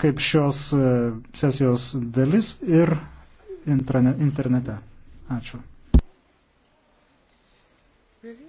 kaip šios e, sesijos dalis ir internete. Ačiū. Really?